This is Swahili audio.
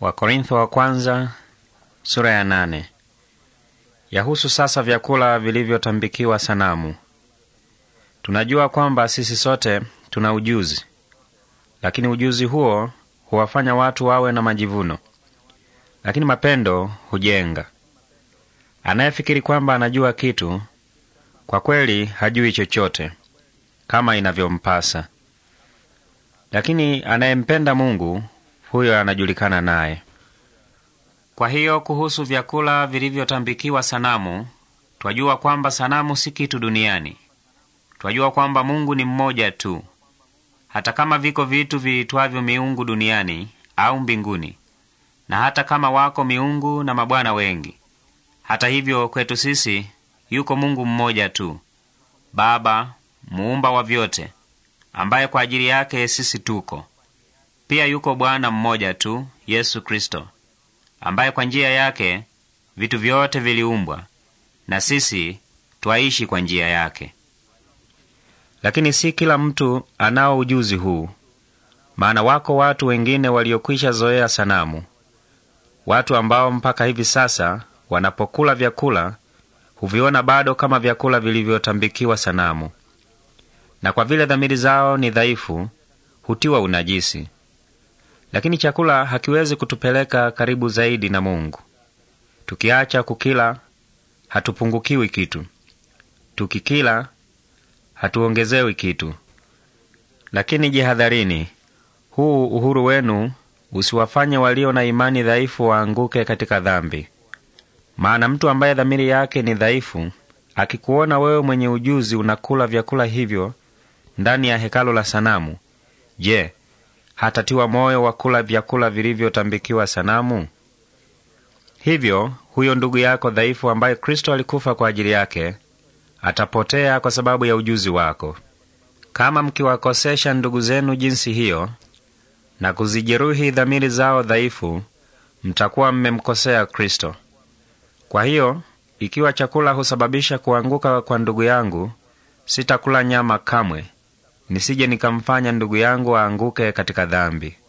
Wakorintho wa kwanza sura ya nane. Yahusu sasa vyakula vilivyotambikiwa sanamu. Tunajua kwamba sisi sote tuna ujuzi, lakini ujuzi huo huwafanya watu wawe na majivuno, lakini mapendo hujenga. Anayefikiri kwamba anajua kitu, kwa kweli hajui chochote kama inavyompasa, lakini anayempenda Mungu huyo anajulikana naye. Kwa hiyo kuhusu vyakula vilivyotambikiwa sanamu, twajua kwamba sanamu si kitu duniani. Twajua kwamba Mungu ni mmoja tu, hata kama viko vitu viitwavyo miungu duniani au mbinguni, na hata kama wako miungu na mabwana wengi, hata hivyo kwetu sisi yuko Mungu mmoja tu, Baba muumba wa vyote, ambaye kwa ajili yake sisi tuko pia yuko Bwana mmoja tu, Yesu Kristo, ambaye kwa njia yake vitu vyote viliumbwa na sisi twaishi kwa njia yake. Lakini si kila mtu anao ujuzi huu, maana wako watu wengine waliokwisha zoea sanamu, watu ambao mpaka hivi sasa wanapokula vyakula huviona bado kama vyakula vilivyotambikiwa sanamu, na kwa vile dhamiri zao ni dhaifu hutiwa unajisi lakini chakula hakiwezi kutupeleka karibu zaidi na Mungu. Tukiacha kukila, hatupungukiwi kitu; tukikila, hatuongezewi kitu. Lakini jihadharini, huu uhuru wenu usiwafanye walio na imani dhaifu waanguke katika dhambi. Maana mtu ambaye dhamiri yake ni dhaifu akikuona wewe mwenye ujuzi unakula vyakula hivyo ndani ya hekalu la sanamu, je, hatatiwa moyo wa kula vyakula vilivyotambikiwa sanamu? Hivyo huyo ndugu yako dhaifu ambaye Kristo alikufa kwa ajili yake atapotea kwa sababu ya ujuzi wako. Kama mkiwakosesha ndugu zenu jinsi hiyo na kuzijeruhi dhamiri zao dhaifu, mtakuwa mmemkosea Kristo. Kwa hiyo ikiwa chakula husababisha kuanguka kwa ndugu yangu, sitakula nyama kamwe nisije nikamfanya ndugu yangu aanguke katika dhambi.